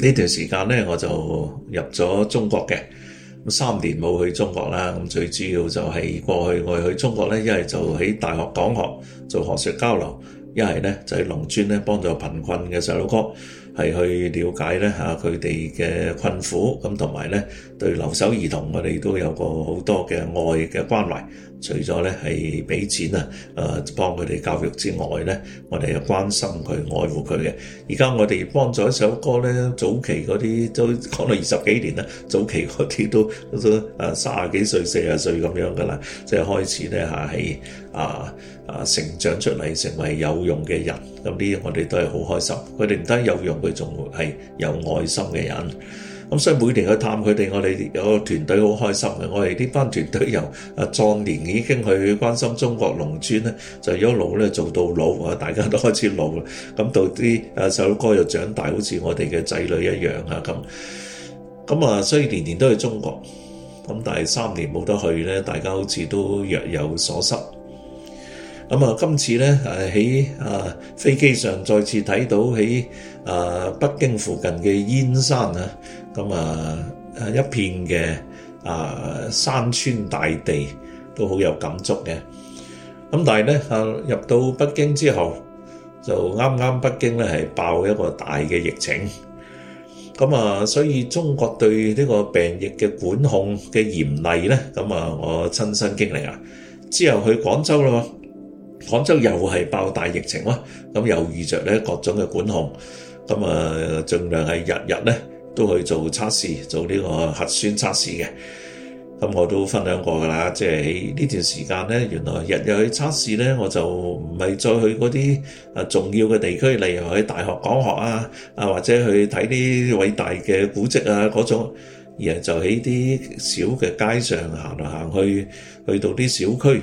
呢段時間呢，我就入咗中國嘅，咁三年冇去中國啦。咁最主要就係過去我去中國呢，一係就喺大學講學做學術交流，一係呢就喺農村呢幫助貧困嘅細路哥。係去了解咧嚇佢哋嘅困苦，咁同埋咧對留守兒童，我哋都有個好多嘅愛嘅關懷。除咗咧係俾錢啊，誒、啊、幫佢哋教育之外咧，我哋又關心佢、愛護佢嘅。而家我哋幫咗一首歌咧，早期嗰啲都講到二十幾年啦，早期嗰啲都都誒、啊、三十幾歲、四十歲咁樣噶啦，即係開始咧嚇係。啊啊啊！成長出嚟成為有用嘅人，咁呢啲我哋都係好開心。佢哋唔單有用，佢仲係有愛心嘅人。咁所以每年去探佢哋，我哋有個團隊好開心嘅。我哋呢班團隊由啊壯年已經去關心中國農村咧，就一路咧做到老啊！大家都開始老啦，咁到啲啊細佬哥又長大，好似我哋嘅仔女一樣啊咁。咁啊，所以年年都去中國，咁但係三年冇得去咧，大家好似都若有所失。咁啊，今次咧，誒喺啊飛機上再次睇到喺啊北京附近嘅燕山啊，咁啊誒一片嘅啊山川大地都好有感觸嘅。咁但係咧，啊入到北京之後就啱啱北京咧係爆一個大嘅疫情，咁啊，所以中國對呢個病疫嘅管控嘅嚴厲咧，咁啊，我親身經歷啊。之後去廣州啦。廣州又係爆大疫情咯，咁又遇着咧各種嘅管控，咁啊，儘量係日日咧都去做測試，做呢個核酸測試嘅。咁我都分享過㗎啦，即係喺呢段時間咧，原來日日去測試咧，我就唔係再去嗰啲啊重要嘅地區，例如去大學講學啊，啊或者去睇啲偉大嘅古蹟啊嗰種，而係就喺啲小嘅街上行嚟行去，去到啲小區。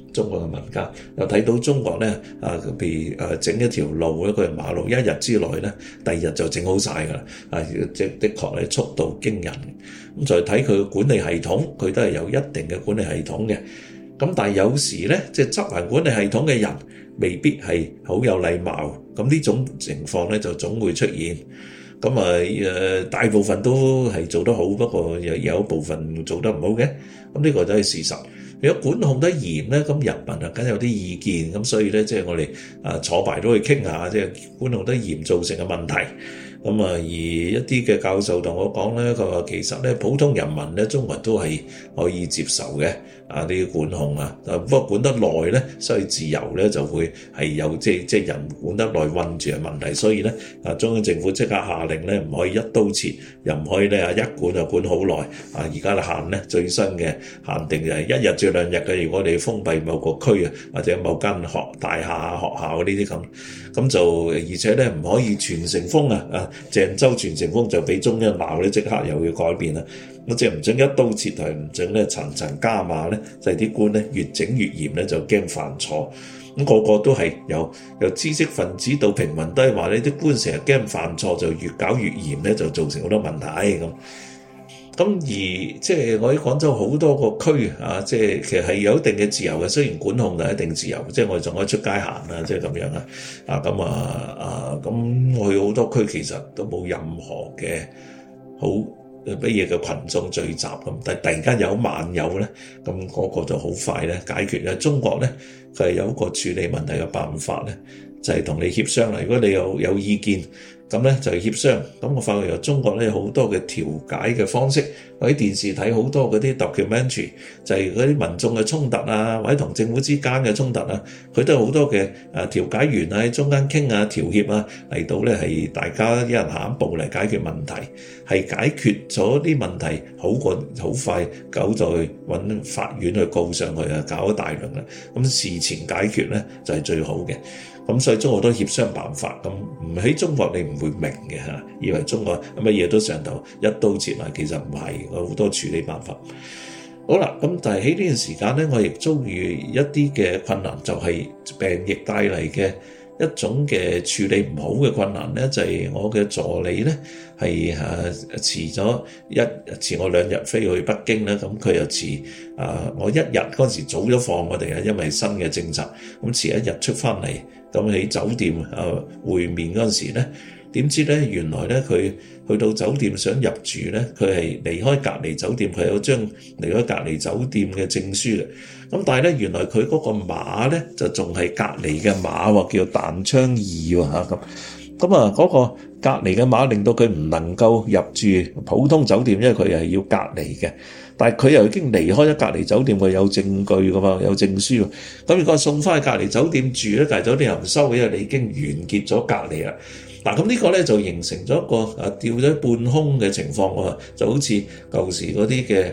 中國嘅民間又睇到中國咧，啊，譬如誒整一條路一個係馬路，一日之內咧，第二日就整好晒㗎喇，啊，即係的確係速度驚人。咁再睇佢嘅管理系統，佢都係有一定嘅管理系統嘅。咁但係有時咧，即係執行管理系統嘅人未必係好有禮貌，咁呢種情況咧就總會出現。咁啊誒，大部分都係做得好，不過有有部分做得唔好嘅，咁呢個都係事實。如果管控得嚴咧，人民啊梗有啲意見，咁所以呢，即係我哋啊坐埋都去傾下，即係管控得嚴造成嘅問題。咁、嗯、啊，而一啲嘅教授同我講咧，佢話其實咧普通人民呢，中國人都係可以接受嘅。啊啲管控啊，不過管得耐咧，所以自由咧就會係有即係即係、就是、人管得耐困住嘅問題，所以咧啊中央政府即刻下令咧唔可以一刀切，又唔可以咧啊一管就管好耐。啊而家嘅限咧最新嘅限定就係一日至兩日嘅。如果你封閉某個區啊，或者某間學大廈、學校呢啲咁，咁就而且咧唔可以全城封啊啊鄭州全城封就俾中央鬧咧，即刻又要改變啦。我淨唔准一刀切，但係唔准咧層層加碼咧，就係、是、啲官咧越整越嚴咧，就驚犯錯。咁、那個個都係由有知識分子到平民都係話呢啲官成日驚犯錯，就越搞越嚴咧，就造成好多問題咁。咁、哎、而即係我喺廣州好多個區啊，即係其實係有一定嘅自由嘅，雖然管控就一定自由，即係我哋仲可以出街行啊，即係咁樣啊。啊咁啊啊咁，我、啊啊、去好多區其實都冇任何嘅好。乜嘢嘅群眾聚集咁，但係突然間有萬友咧，咁嗰個就好快咧解決咧。中國咧，佢係有一個處理問題嘅辦法咧。就係同你協商啦。如果你有有意見，咁咧就係協商。咁我發覺由中國咧有好多嘅調解嘅方式。我喺電視睇好多嗰啲 documentary，就係嗰啲民眾嘅衝突啊，或者同政府之間嘅衝突啊，佢都有好多嘅誒調解員啊喺中間傾啊調協啊，嚟到咧係大家一人行一步嚟解決問題，係解決咗啲問題好過好快，狗就去搵法院去告上去啊，搞大輪啦。咁事前解決咧就係最好嘅。咁所以中國有好多協商辦法，咁唔喺中國你唔會明嘅嚇，以為中國乜嘢都上頭一刀切啊，其實唔係，有好多處理辦法。好啦，咁但係喺呢段時間咧，我亦遭遇一啲嘅困難，就係、是、病疫帶嚟嘅一種嘅處理唔好嘅困難咧，就係、是、我嘅助理咧係嚇遲咗一遲我兩日飛去北京啦，咁佢又遲啊，我一日嗰陣時早咗放我哋啊，因為新嘅政策，咁遲一日出翻嚟。咁喺酒店啊會面嗰陣時咧，點知咧原來咧佢去到酒店想入住咧，佢係離開隔離酒店，佢有張離開隔離酒店嘅證書嘅。咁但係咧，原來佢嗰個碼咧就仲係隔離嘅碼喎，叫彈槍二喎嚇咁。咁啊，嗰個隔離嘅碼令到佢唔能夠入住普通酒店，因為佢係要隔離嘅。但係佢又已經離開咗隔離酒店，佢有證據㗎嘛，有證書。咁如果送翻去隔離酒店住咧，但係酒店又唔收，因為你已經完結咗隔離啦。嗱，咁呢個咧就形成咗一個啊吊咗半空嘅情況喎，就好似舊時嗰啲嘅。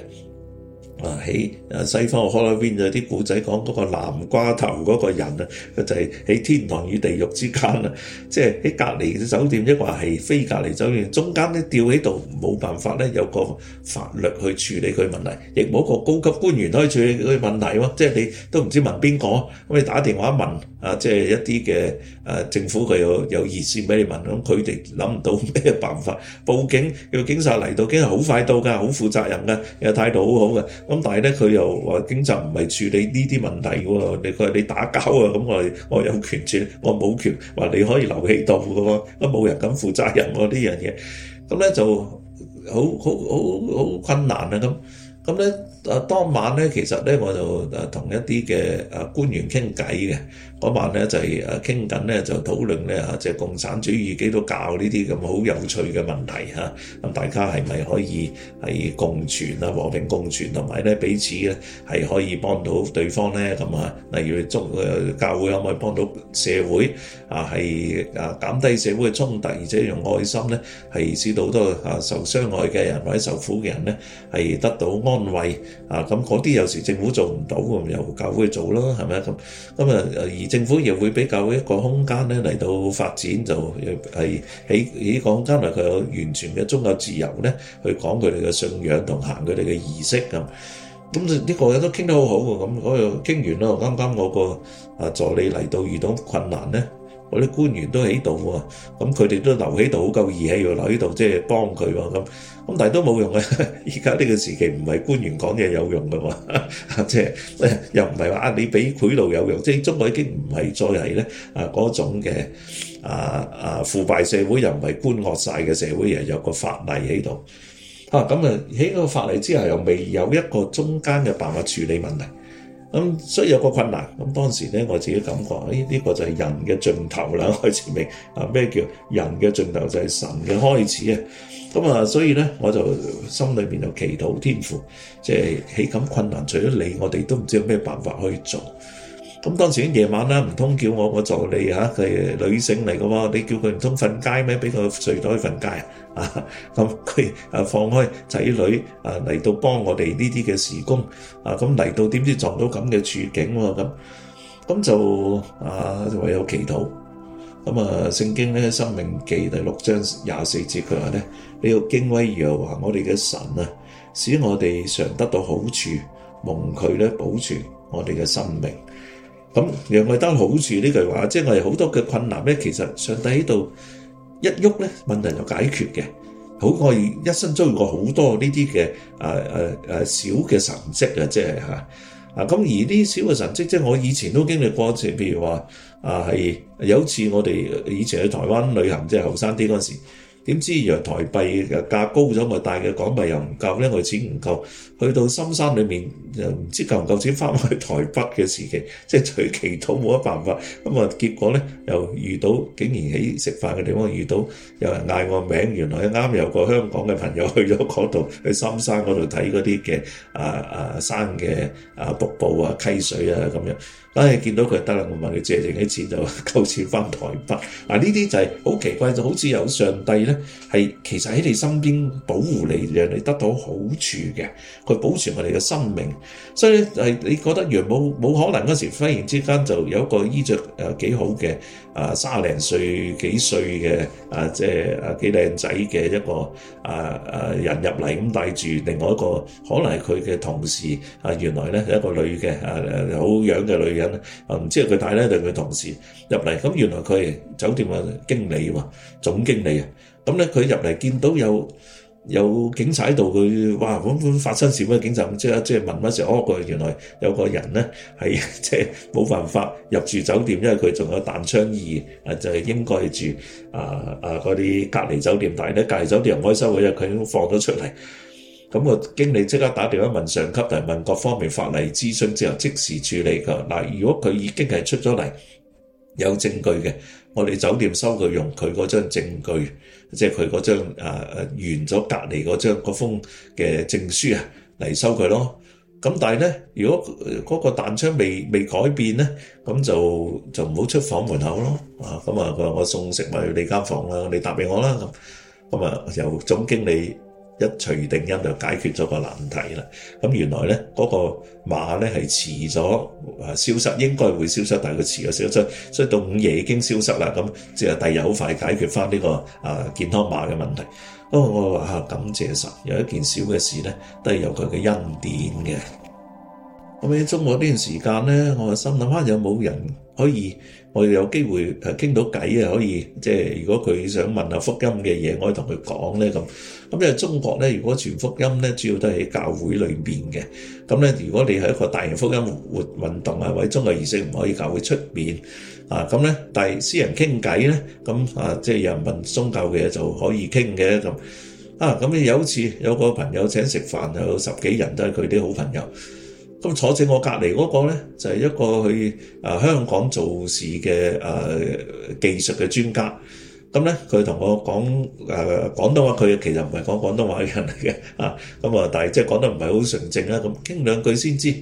啊喺誒西方嘅《Halloween》有啲古仔講嗰個南瓜頭嗰個人啊，佢就係喺天堂與地獄之間啊，即係喺隔離酒店，亦或係非隔離酒店，中間咧吊喺度，冇辦法咧，有個法律去處理佢問題，亦冇個高級官員可以處理佢問題喎，即係你都唔知問邊個，咁你打電話問。啊，即係一啲嘅誒政府佢有有熱線俾你問，咁佢哋諗唔到咩辦法，報警叫警察嚟到，警察好快到㗎，好負責任㗎，又態度好好嘅。咁但係咧，佢又話警察唔係處理呢啲問題嘅喎，你佢話你打交啊，咁我我有權處，我冇權，話你可以留喺度嘅喎，都冇人敢負責任呢樣嘢，咁咧就好好好好困難啊，咁咁咧。啊，當晚咧，其實咧，我就誒同一啲嘅誒官員傾偈嘅嗰晚咧，就係誒傾緊咧，就討論咧嚇，即係共產主義、基督教呢啲咁好有趣嘅問題嚇。咁大家係咪可以係共存啊，和平共存，同埋咧彼此咧係可以幫到對方咧？咁啊，例如中誒教會可唔可以幫到社會啊？係誒減低社會嘅衝突，而且用愛心咧係使到好多受傷害嘅人或者受苦嘅人咧係得到安慰。啊，咁嗰啲有時政府做唔到，咁由教會做咯，係咪咁咁啊，而政府又會比較一個空間咧嚟到發展，就係起起講，因為佢有完全嘅宗教自由咧，去講佢哋嘅信仰同行佢哋嘅儀式咁。咁呢個人都傾得好好嘅，咁我又傾完啦。啱啱我個啊助理嚟到遇到困難咧。我啲官員都喺度喎，咁佢哋都留喺度好夠義氣喎，要留喺度即係幫佢喎，咁咁但係都冇用啊！而家呢個時期唔係官員講嘢有用噶喎，即係又唔係話啊你俾賄賂有用，即係中國已經唔係再係咧啊嗰種嘅啊啊腐敗社會，又唔係官惡晒嘅社會，而係有個法例喺度。啊咁啊，喺個法例之下又未有一個中間嘅辦法處理問題。咁、嗯、所以有個困難，咁、嗯、當時咧我自己感覺，咦、哎、呢、這個就係人嘅盡頭啦，開始明啊咩叫人嘅盡頭就係、是、神嘅開始啊，咁啊所以咧我就心裏邊就祈禱天父，即係喺咁困難，除咗你，我哋都唔知有咩辦法可以做。咁當時夜晚咧，唔通叫我我助理佢係女性嚟嘅喎？你叫佢唔通瞓街咩？俾佢睡袋瞓街啊？咁佢放開仔女啊嚟到幫我哋呢啲嘅事工啊？咁、啊、嚟到點知撞到咁嘅處境喎？咁、啊、就啊就唯有祈禱咁啊聖經咧申命記第六章廿四節佢話咧你要敬畏耶和華我哋嘅神、啊、使我哋常得到好處，蒙佢咧保全我哋嘅生命。咁讓我得好處呢句話，即係我哋好多嘅困難咧，其實上帝喺度一喐咧，問題就解決嘅。好，我一生遭遇過好多呢啲嘅，誒誒誒，小嘅神跡啊,即係吓啊。咁而呢小嘅神跡，即係我以前都經歷過，啊、一次，譬如話啊，係有次我哋以前去台灣旅行，即係後生啲嗰陣時。點知原來台幣價高咗，我帶嘅港幣又唔夠咧，我錢唔夠，去到深山裏面又唔知夠唔夠錢翻去台北嘅時期，即係取其土冇乜辦法。咁啊結果咧又遇到，竟然喺食飯嘅地方遇到有人嗌我名，原來啱有個香港嘅朋友去咗嗰度，去深山嗰度睇嗰啲嘅啊啊山嘅啊瀑布啊溪水啊咁樣。唉、哎，見到佢得啦，我問佢借剩幾錢就夠錢翻台北。嗱呢啲就係好奇怪，就好似有上帝咧，係其實喺你身邊保護你，讓你得到好處嘅。佢保全我哋嘅生命，所以就係你覺得原來冇冇可能嗰時，忽然之間就有一個衣着誒幾好嘅啊三十零歲幾歲嘅啊即係啊幾靚仔嘅一個啊啊人入嚟咁，帶住另外一個可能係佢嘅同事啊，原來咧係一個女嘅啊好樣嘅女人。唔知係佢帶咧定佢同事入嚟，咁、嗯、原來佢酒店嘅經理話總經理啊，咁咧佢入嚟見到有有警察喺度，佢哇，咁、嗯、樣、嗯嗯、發生事咩？警察咁即係即係問乜嘢？哦、嗯，原來有個人咧係即係冇辦法入住酒店，因為佢仲有彈槍二啊，就係、是、應該住啊啊嗰啲隔離酒店，但係咧隔離酒店唔開收佢，佢已經放咗出嚟。咁個經理即刻打電話問上級，同問各方面法例諮詢之後，即時處理個嗱。如果佢已經係出咗嚟有證據嘅，我哋酒店收佢用佢嗰張證據，即係佢嗰張誒誒完咗隔離嗰張嗰封嘅證書啊嚟收佢咯。咁但係咧，如果嗰個彈窗未未改變咧，咁就就唔好出房門口咯。啊，咁啊，我我送食物去你間房啦，你答畀我啦。咁咁啊，由總經理。一除定音就解決咗個難題啦。咁原來呢嗰、嗰個碼呢係遲咗，誒消失應該會消失，但係佢遲咗消失所，所以到午夜已經消失啦。咁即係第二日好快解決翻呢、呢個誒、啊、健康碼嘅問題。哦、那個，我話吓感謝神，有一件小嘅事呢，都係有佢嘅恩典嘅。咁喺中國呢段時間咧，我就心諗下有冇人可以我哋有機會誒傾到偈啊？可以即係如果佢想問下福音嘅嘢，我可以同佢講咧咁。咁因為中國咧，如果全福音咧，主要都係喺教會裏面嘅。咁咧，如果你係一個大型福音活運動啊，或者宗教儀式唔可以教會出面啊。咁咧，但係私人傾偈咧，咁啊，即係有人問宗教嘅嘢就可以傾嘅咁啊。咁你有次有個朋友請食飯，有十幾人都係佢啲好朋友。咁坐正我隔離嗰個咧，就係、是、一個去誒、呃、香港做事嘅誒、呃、技術嘅專家。咁、嗯、咧，佢同我講誒、呃、廣東話，佢其實唔係講廣東話嘅人嚟嘅啊。咁啊，但係即係講得唔係好純正啦。咁、嗯、傾兩句先知。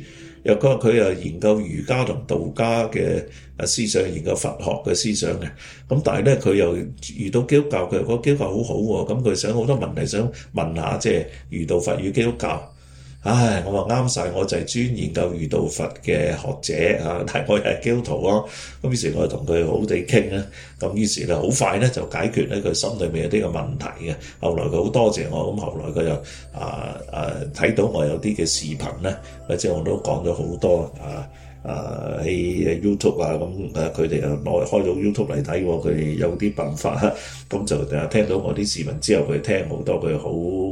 又佢話佢又研究儒家同道家嘅思想，研究佛學嘅思想嘅。咁、嗯、但係咧，佢又遇到基督教，佢又覺得基督教好好、啊、喎。咁佢想好多問題想問下，即、就、係、是、儒道佛與基督教。唉，我話啱晒，我就係、是、專研究儒道佛嘅學者嚇，但係我係基督徒咯。咁於是我就同佢好地傾啦，咁於是啊，好快咧就解決咧佢心裏面有啲嘅問題嘅。後來佢好多謝我，咁後來佢又啊啊睇到我有啲嘅視頻咧，即係我都講咗好多啊啊喺 YouTube 啊咁，誒佢哋又攞開咗 YouTube 嚟睇喎，佢哋有啲辦法，咁、啊嗯、就誒聽到我啲視頻之後，佢聽好多佢好。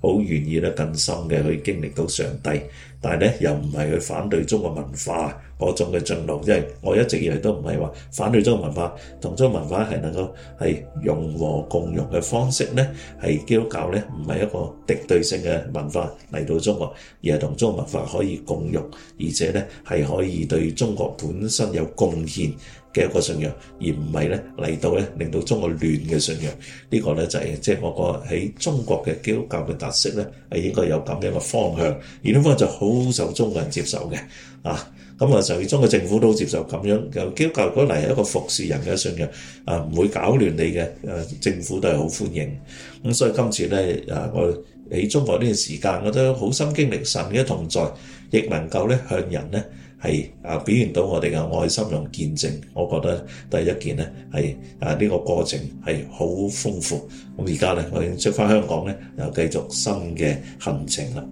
好願意咧，更深嘅去經歷到上帝，但係咧又唔係去反對中國文化嗰種嘅進路，就是，因為我一直以嚟都唔係話反對中國文化，同中國文化係能夠係融和共融嘅方式咧，係基督教咧唔係一個敵對性嘅文化嚟到中國，而係同中國文化可以共融，而且咧係可以對中國本身有貢獻。嘅一個信仰，而唔係咧嚟到咧令到中國亂嘅信仰，呢個咧就係即係我覺喺中國嘅基督教嘅特色咧，係應該有咁樣嘅方向。而呢方向就好受中國人接受嘅，啊，咁啊，甚至中國政府都接受咁樣。由基督教嚟係一個服事人嘅信仰，啊，唔會搞亂你嘅，誒，政府都係好歡迎。咁所以今次咧，誒，我喺中國呢段時間，我都好心經歷神嘅同在，亦能夠咧向人咧。係表現到我哋嘅愛心同見證，我覺得第一件呢，係啊呢個過程係好豐富。咁而家呢，我哋出返香港呢，又繼續新嘅行程啦。